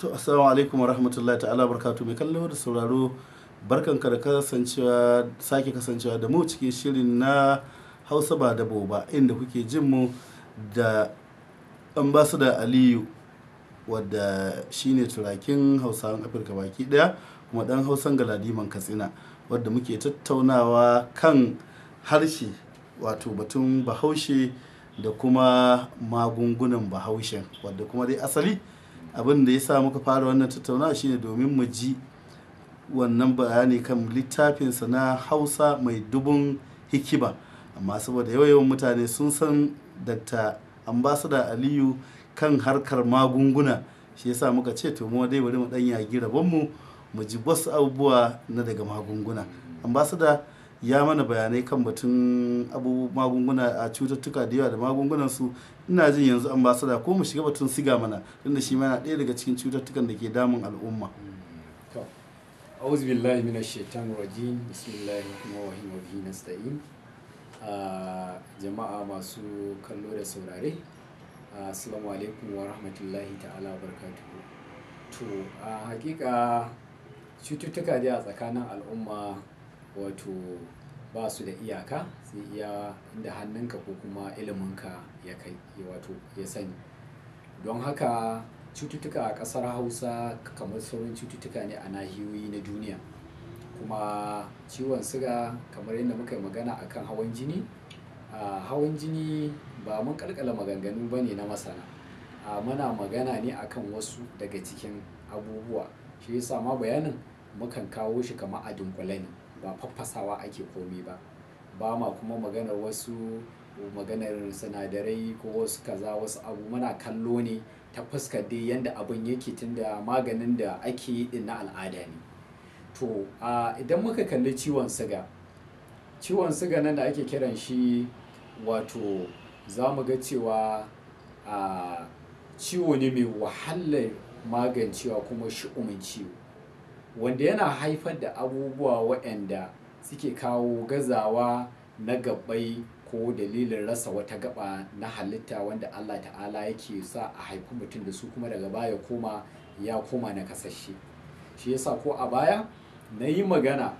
to assalamu alaikum warahmatullahi ta'ala barkatu mai kallo da sauraro barkan ka da kasancewa sake kasancewa da mu cikin shirin na hausa ba da ba inda kuke jin mu da ambasada aliyu wadda shine turakin hausawan afirka baki daya kuma dan hausan galadiman katsina wadda muke tattaunawa kan harshe wato batun bahaushe da kuma magungunan bahaushe wadda kuma dai asali abin da ya sa muka fara wannan tattaunawa ne domin mu ji wannan bayani kan littafinsa na hausa mai dubun hikima amma saboda yawan mutane sun san dr ambasada aliyu kan harkar magunguna shi ya sa muka ce to mu dai bari mu dan yagi rabonmu mu ji wasu abubuwa na daga magunguna ambasada ya mana bayanai kan batun magunguna a cututtuka da yawa da magungunan su ina jin yanzu an ba da, ko mu shiga batun siga mana tunda shi yana ɗaya daga cikin cututtukan da ke damun al'umma أعوذ بالله من الشيطان الرجيم jama'a masu kallo da saurare ah, assalamu alaikum wa rahmatullahi ta'ala barkatuhu to a hakika cututtuka dai a tsakanin al'umma wato ba su da iyaka sai iya da hannunka ko kuma iliminka ya kai wato ya sani don haka cututtuka a ƙasar hausa kamar sauran cututtuka ne a nahiyoyi na duniya kuma ciwon siga kamar yadda muka yi magana a kan hawan jini hawan jini ba mun kalkala maganganu ba ne na masana a muna magana ne akan wasu daga cikin abubuwa shi yasa ma bayanin mukan kawo shi kama a dunkule ne ba faffasawa ake komi ba ba ma kuma maganar wasu maganar sinadarai ko wasu kaza wasu abu muna kallo ne ta fuskar dai yadda abin yake tunda maganin da ake yi na al'ada ne to idan muka kalli ciwon siga ciwon siga nan da ake kiran shi wato za mu ga cewa ciwo ne mai wahalar magancewa kuma shi'umin ciwo wanda yana haifar da abubuwa waɗanda suke kawo gazawa na gabai ko dalilin rasa wata gaba na halitta wanda Allah ta'ala yake sa a haifi mutum da su kuma daga baya koma ya koma na kasashe shi yasa ko a baya na yi magana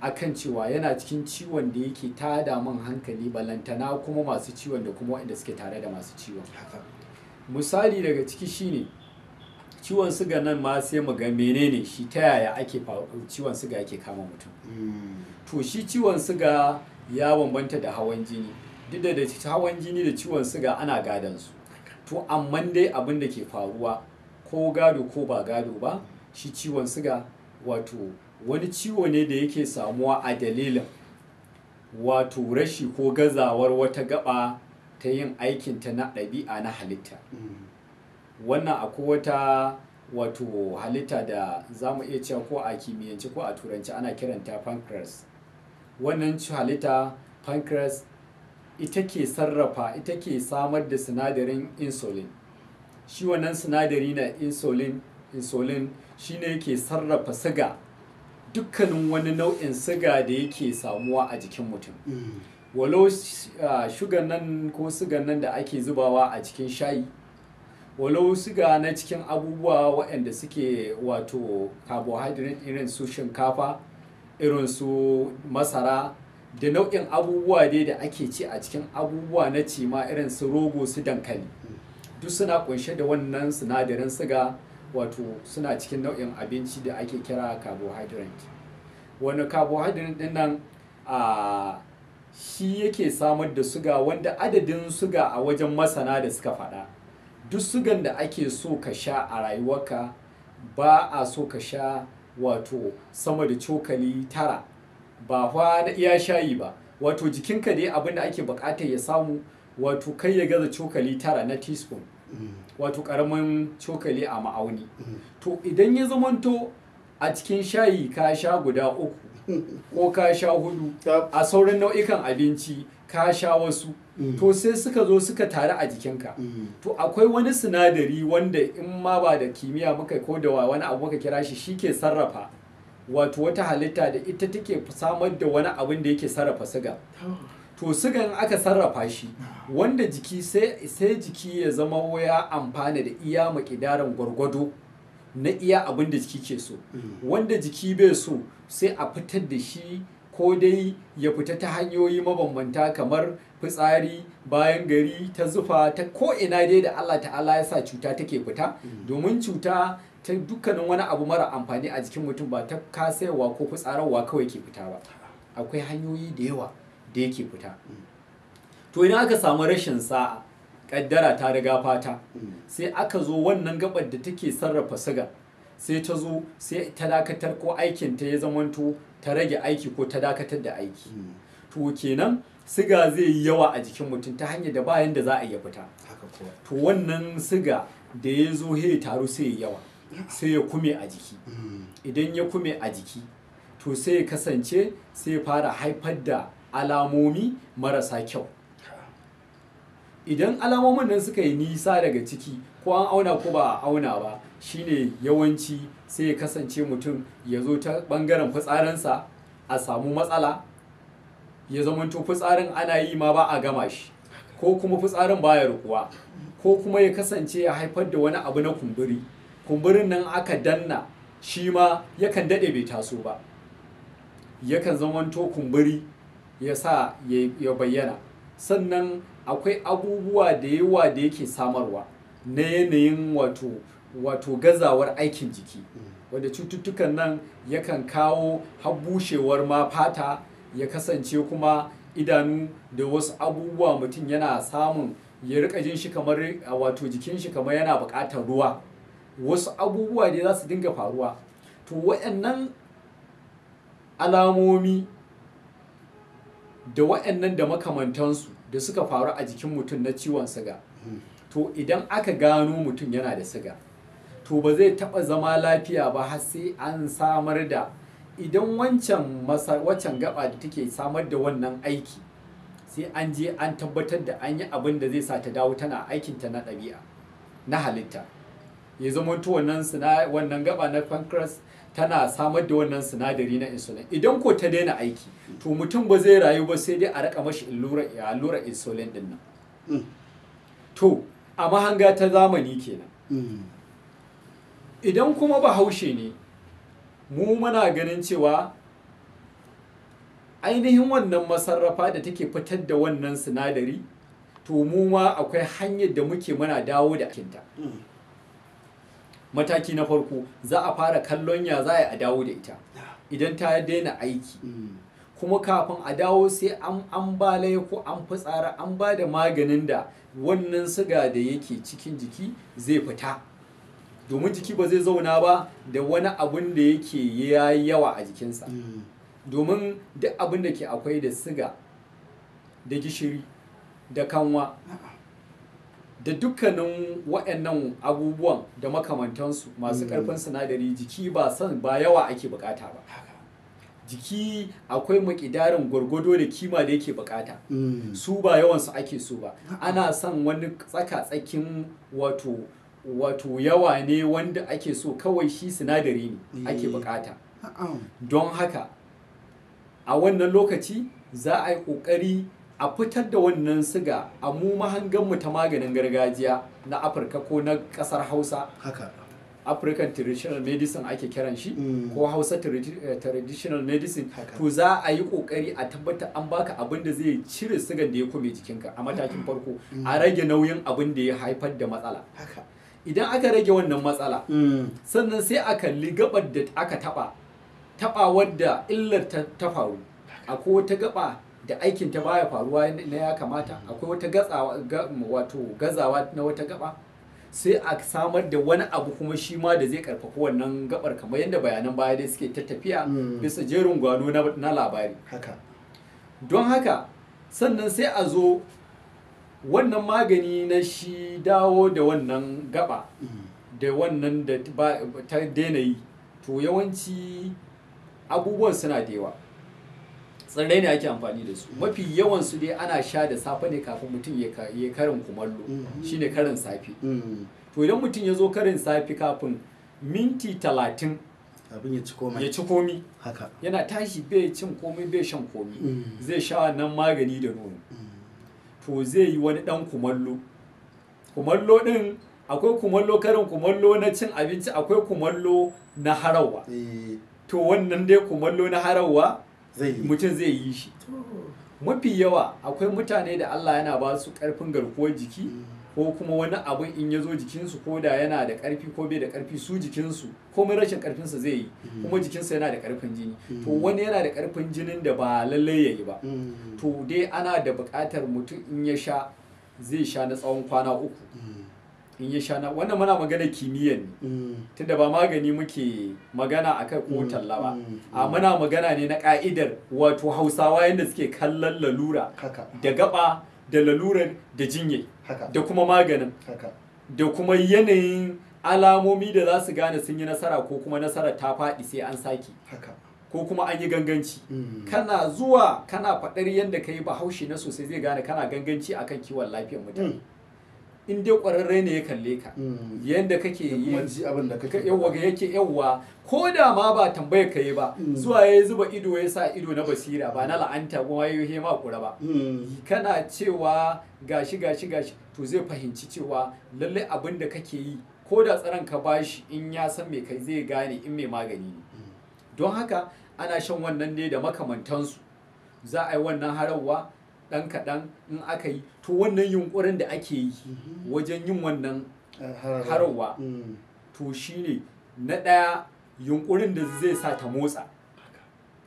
akan cewa yana cikin ciwon da yake tada min hankali balantana kuma masu ciwon da kuma waɗanda suke tare da masu ciwon misali daga ciki shine ciwon siga nan ma sai mu ga menene shi ta yaya ake ciwon siga yake kama mutum mm. to shi ciwon siga ya bambanta da hawan jini duk da hawan jini da ciwon siga ana gadon su to amma dai abin da ke faruwa ko gado ko ba gado ba shi ciwon siga wato wani ciwo ne da yake samuwa a dalilin wato rashi ko gazawar wata gaba ta yin aikinta na ɗabi'a na halitta mm. wannan akwai wata wato halitta da za mu iya cewa ko a kimiyyance ko a turanci ana kiranta pancreas wannan halitta pancreas ita ke sarrafa ita ke samar da sinadarin insulin shi wannan sinadari na insulin insulin shine yake sarrafa siga dukkanin wani nau'in siga da yake samuwa a jikin mutum mm. walau ah, shugan nan ko sigan nan da ake zubawa a cikin shayi walau siga na cikin abubuwa waɗanda suke wato carbohydrate irin su shinkafa irin su masara da nau'in abubuwa dai da ake ci a cikin abubuwa na cima irin su rogo su dankali duk suna kunshe da wannan sinadarin siga wato suna cikin nau'in abinci da ake kira carbohydrate wani carbohydrate din nan a shi yake samar da suga wanda adadin suga a wajen masana da suka faɗa duk sugan da ake so ka sha a rayuwarka ba a so ka sha wato sama da cokali tara ba fa na iya shayi ba wato jikinka dai abin da ake bukatar ya samu wato kai ya gaza cokali tara na teaspoon mm. wato karamin cokali a ma'auni mm. to idan ya zamanto a cikin shayi ka sha guda uku ko ka sha hudu a sauran nau'ikan abinci ka sha wasu mm. to sai suka zo suka taru a jikinka mm. to akwai wani sinadari wanda in ma ba da kimiyya muka ko da wani abu muka kira shi shi ke sarrafa wato wata halitta da ita take samar da wani abin da yake sarrafa siga to sigan aka sarrafa shi wanda jiki sai jiki ya zama waya amfana da iya makidaran gwargwado na iya abin da jiki ke so wanda jiki bai so sai a fitar da shi ko dai ya fita ta hanyoyi mabambanta kamar fitsari bayan gari ta zufa ta ina dai da Allah ta'ala ya sa cuta take fita domin cuta ta dukkanin wani abu mara amfani a jikin mutum ba ta kasayawa ko fitsararwa kawai ke fita ba akwai hanyoyi da yawa da yake fita to ina aka samu rashin sa'a kaddara ta riga fata hmm. sai aka zo wannan gabar da take sarrafa siga sai ta zo sai ta dakatar ko aikin ta ya zamanto ta rage aiki ko ta dakatar da aiki hmm. to kenan siga zai yi yawa a jikin mutum ta hanyar da bayan da za a iya fita to wannan siga da ya zo ya taru sai ya yawa sai ya kume a jiki hmm. idan ya kume a jiki to sai ya kasance sai ya fara haifar da alamomi marasa kyau idan alamomin nan suka yi nisa daga ciki ko an auna ko ba a auna ba shine yawanci sai ya kasance mutum ya zo ta bangaren fitsarinsa a samu matsala ya zamanto fitsarin ana yi ma ba a gama shi ko kuma fitsarin baya rukuwa ko kuma ya kasance ya haifar da wani abu na kumburi kumburin nan aka danna shi ma yakan daɗe bai taso ba yakan zamanto kumburi ya sa ya bayyana sannan akwai abubuwa da yawa da yake samarwa na yanayin wato gazawar aikin jiki wanda cututtukan nan yakan kawo habbushewar ma fata ya kasance kuma idanu da wasu abubuwa mutum yana samun ya rika jin shi kamar wato jikin shi kamar yana buƙatar ruwa wasu abubuwa ne za su dinga faruwa to waɗannan alamomi da waɗannan da makamantansu da suka faru a jikin mutum na ciwon siga hmm. to idan aka gano mutum yana da siga to ba zai taɓa zama lafiya ba har sai an samar da idan wancan waccan gaba da take samar da wannan aiki sai an je an tabbatar da an yi abin da zai sa ta dawo tana aikinta na ɗabi'a na halitta ya zama to wannan wannan gaba na pancreas tana samar da wannan sinadari na insulin idan ko ta daina aiki to mutum ba zai rayu ba sai dai a raka mashi allura insulin din nan mm. to a mahanga ta zamani kenan mm. idan kuma bahaushe ne mu muna ganin cewa ainihin wannan masarrafa da take fitar da wannan sinadari to mu ma akwai hanyar da muke muna dawo da akinta mm. mataki na farko za a fara kallon ya za a dawo da ita idan ta daina aiki mm. kuma kafin a dawo sai an ba ko an fitsara an ba da maganin da wannan siga da yake cikin jiki zai fita domin jiki ba zai zauna ba da wani abun da yake ya yawa a jikinsa mm. domin duk abin da ke akwai da siga da gishiri da kanwa da dukkanin waɗannan abubuwan da makamantansu masu mm. ƙarfin sinadari jiki ba son ba yawa ake bukata ba jiki akwai makidarin gwargwado da kima da yake bukata mm. su ba yawansu ake so ba ana son wani tsaka-tsakin wato yawa ne wanda ake so kawai shi sinadari ne eh. ake bukata don haka a wannan lokaci za a yi ƙoƙari a fitar da wannan siga a mu mahangarmu ta maganin gargajiya na afirka ko na kasar hausa haka african traditional medicine ake kiran shi mm. ko hausa eh, traditional medicine to za a yi kokari a tabbatar an baka abin da zai cire sigan da ya kome jikinka a matakin mm. farko mm. a rage nauyin abin da ya haifar da matsala Haka idan aka rage wannan matsala sannan sai a kalli gabar da aka taba taba wadda illar ta faru akwai wata gaba da aikin ta baya faruwa na ya kamata akwai wata gazawa wato gazawa na wata gaba sai a samar da wani abu kuma shi ma da zai karfafa wannan gabar kamar yadda bayanan baya dai suke ta tafiya hmm. bisa jerin gwano na labari haka don haka sannan sai a zo wannan magani na shi dawo da wannan gaba hmm. da wannan da ta daina yi to yawanci abubuwan suna da yawa tsirrai ne ake amfani da su mafi yawan su dai ana sha da safe ne kafin mutum ya karin kumallo mm-hmm. shine karin safe mm-hmm. to idan mutum ya zo karin safe kafin minti talatin abin ya ci komai ya ci komi haka yana tashi bai cin komai bai shan komi mm-hmm. zai sha nan magani da nono to zai yi wani dan kumallo kumallo din akwai kumallo karin kumallo na cin abinci akwai kumallo na harawa eh. to wannan dai kumallo na harawa zai yi mutum zai yi shi mafi yawa akwai mutane da Allah yana ba su karfin garkuwar jiki mm. ko kuma wani abin in ya zo jikinsu ko da yana da karfi ko bai da karfi su jikinsu komai rashin karfinsa zai yi mm. kuma jikinsa yana da karfin jini to mm. wani yana da karfin jinin da ba lallai ya yi ba to dai ana da buƙatar mutum in ya sha zai sha na tsawon kwana uku in ya sha na wannan muna magana kimiyya ne mm. tunda ba magani muke magana akai ko mm. talla ba mm. a muna magana ne na ka'idar wato hausawa yadda suke kallon lalura da gaba da lalurar da jinya da kuma maganin da kuma yanayin alamomi da za su gane sun yi nasara ko kuma nasara ta faɗi sai an sake ko kuma an yi ganganci kana zuwa kana faɗar yadda ka yi bahaushe na sosai zai gane kana ganganci akan kiwon lafiyar mutane in dai ƙwararre ne ya kalle ka mm. yadda kake yi yawa ga yake yawa ko da ma ba tambayar ka yi ba mm. zuwa ya zuba ido ya sa ido na basira ba na la'anta kuma ya yi ma kura ba mm. kana cewa gashi gashi gashi to zai fahimci cewa lallai abin da kake yi ko da tsaron ka bashi in ya san me kai zai gane in mai magani ne don haka ana shan wannan ne da makamantansu za a yi wannan harawa ɗan kaɗan in aka yi to wannan yunkurin da ake yi mhm. wajen yin wannan eh, harawa mm. to shine na ɗaya yunkurin da zai sa ta motsa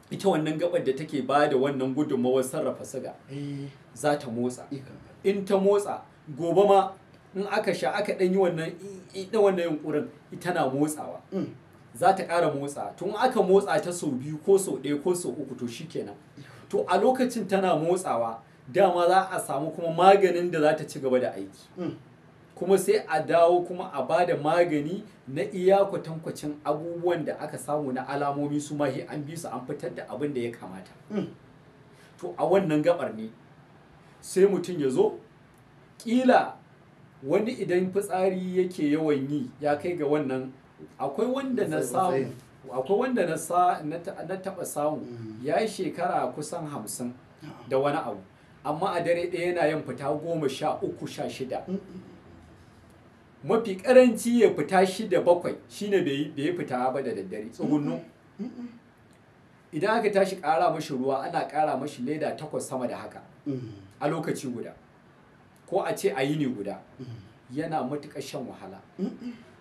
ita wannan gabar da take ba da wannan gudunmawar sarrafa siga eh. za ta motsa eh, in ta motsa gobe ma in aka sha aka ɗan yi wannan ita wannan yunkurin ita na motsawa mm. za ta ƙara motsa tun aka motsa ta sau biyu ko sau ɗaya ko sau uku to shi kenan. to a lokacin tana motsawa dama za a samu kuma maganin da za ta ci gaba da aiki mm. kuma sai a dawo kuma a ba da magani na iya kwatankwacin abubuwan da aka samu na alamomi su mahi an bi su an fitar da abin da ya kamata mm. to a wannan gabar ne sai mutum ya zo ƙila wani idan fitsari yake yawan yi ya kai ga wannan akwai wanda na samu akwai wanda na taɓa samu mm. ya yi shekara kusan hamsin ah. da wani abu amma a dare ɗaya yana yin fita goma sha uku sha shida mafi karanci ya fita shida bakwai shine bai yi fita ba da daddare tsugunnu idan aka tashi ƙara mashi ruwa ana ƙara mashi leda takwas sama da haka a lokaci guda ko a ce a yi ni guda yana matuƙa shan wahala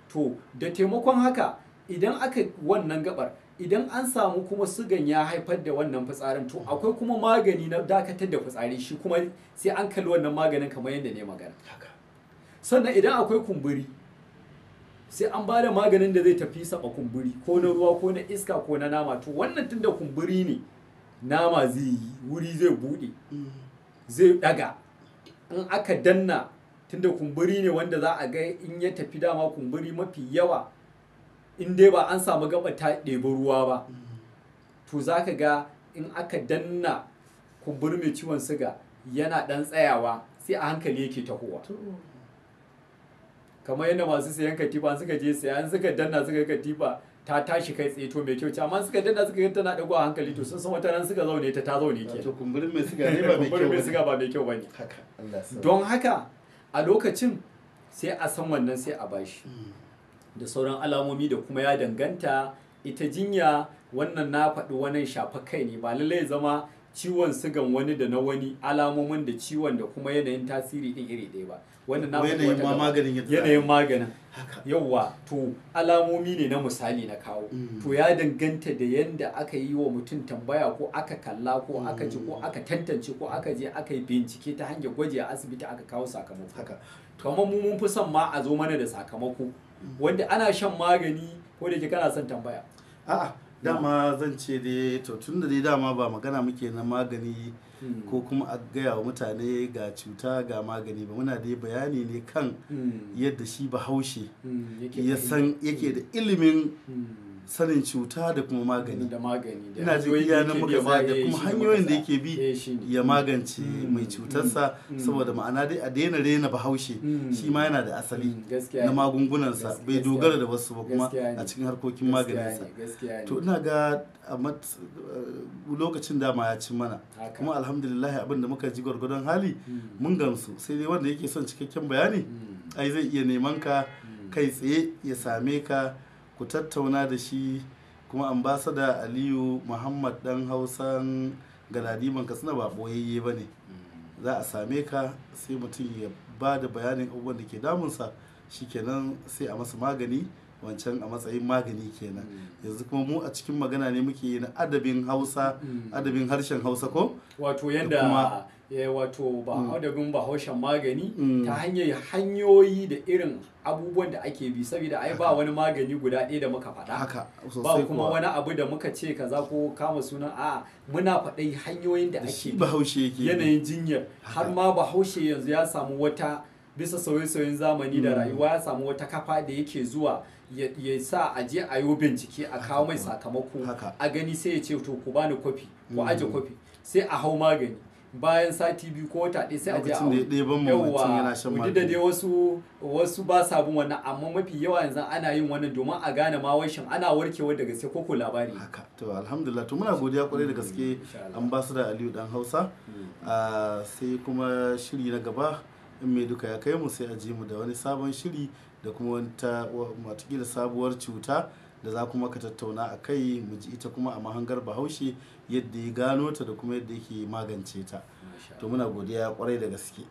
to da taimakon haka idan aka wannan gabar idan an samu kuma sugan ya haifar da wannan fitsarin to akwai kuma magani na dakatar da fitsari shi kuma sai an kalli wannan maganin kamar yadda ne magana sannan idan akwai kumburi sai an ba da maganin da zai tafi saba kumburi ko na ruwa ko na iska ko na nama to wannan tunda kumburi ne nama zai yi wuri zai bude mm. zai daga in aka danna tunda kumburi ne wanda za a ga in ya tafi dama kumburi mafi yawa in dai ba an samu gaba ta ɗebi ruwa ba to za ka ga in aka danna kumburi mai ciwon siga yana ɗan tsayawa sai a hankali yake tahowa kamar yadda masu sayan katifa suka je sayan suka danna suka katifa ta tashi kai tsaye to mai kyau ce amma suka danna suka tana na a hankali to sun san wata ran suka zaune ta ta zaune ke to kumburin mai siga ne ba mai kyau mai siga ba mai kyau bane don haka a lokacin sai a san wannan sai a bashi hmm. da sauran alamomi da kuma ya danganta ita jinya wannan na faɗi wannan shafa kai ne ba lallai zama ciwon sigan wani da na wani alamomin da ciwon da kuma yanayin tasiri din iri ɗaya ba wannan na yanayin maganin yanayin maganin yauwa to alamomi ne na misali na kawo mm. to ya danganta da yanda aka yi wa mutum tambaya ko aka kalla ko aka ci ko mm. aka tantance ko aka je aka yi bincike ta hanyar gwaji a asibiti aka kawo sakamako kamar mu mun fi son ma a zo mana da sakamako wanda ana shan magani ko da ke kana son tambaya a'a dama zan ce dai to tun da dama ba magana muke na magani hmm. ko kuma a gaya wa mutane ga cuta ga magani ba muna da bayani ne kan hmm. yadda shi bahaushe hmm, ya san yake da ilimin sanin cuta da kuma magani da magani ina jin iya nan muka da kuma hanyoyin da yake bi eh, ya magance mm, mm, mai cutarsa mm. saboda ma'ana dai a daina rena bahaushe shi ma yana da asali na magungunansa bai dogara da wasu ba kuma a cikin harkokin maganinsa to ina ga a eh, lokacin dama ya ci mana kuma alhamdulillah abin da muka ji gwargwadon hali mun gamsu sai dai wanda yake son cikakken bayani ai zai iya neman ka kai tsaye ya same ka ku tattauna da shi kuma ambasada aliyu muhammad dan hausan galadiman katsina ba boyayye ba ne za a same ka sai mutum ya ba da bayanin abubuwan da ke damunsa shi shikenan sai a masa magani wancan a matsayin magani kenan yanzu kuma mu a cikin magana ne muke yi na adabin hausa mm. adabin harshen hausa ko wato yadda wato ba adabin mm. bahaushen magani mm. ta hanyar hanyoyi da irin abubuwan da ake bi saboda ai ba wani magani guda ɗaya da muka faɗa ba kuma wani abu da muka ce za ko kama sunan a muna faɗai hanyoyin da ake bi yanayin jinyar har ma bahaushe yanzu ya samu wata bisa sauye-sauyen zamani da mm. rayuwa ya samu wata kafa da yake zuwa ya sa a je a yi bincike a kawo mai sakamako a gani sai ya ce to ku bani kwafi ku aje kwafi sai a hau magani bayan sati biyu ko wata ɗaya sai a je a yawwa duk da dai wasu wasu ba sa bin wannan amma mafi yawa yanzu ana yin wannan domin a gane ma washin ana warkewa da gaske ko ko labari haka to alhamdulillah to muna godiya kwarai da gaske an da Aliyu dan Hausa hmm. ah, sai kuma shiri na gaba in mai duka ya kai mu sai a ji mu da wani sabon shiri da kuma wata matakila sabuwar cuta da za kuma ka tattauna a kai mu ji ita kuma a mahangar bahaushe yadda ya gano ta da kuma yadda yake magance ta to muna godiya kwarai da gaske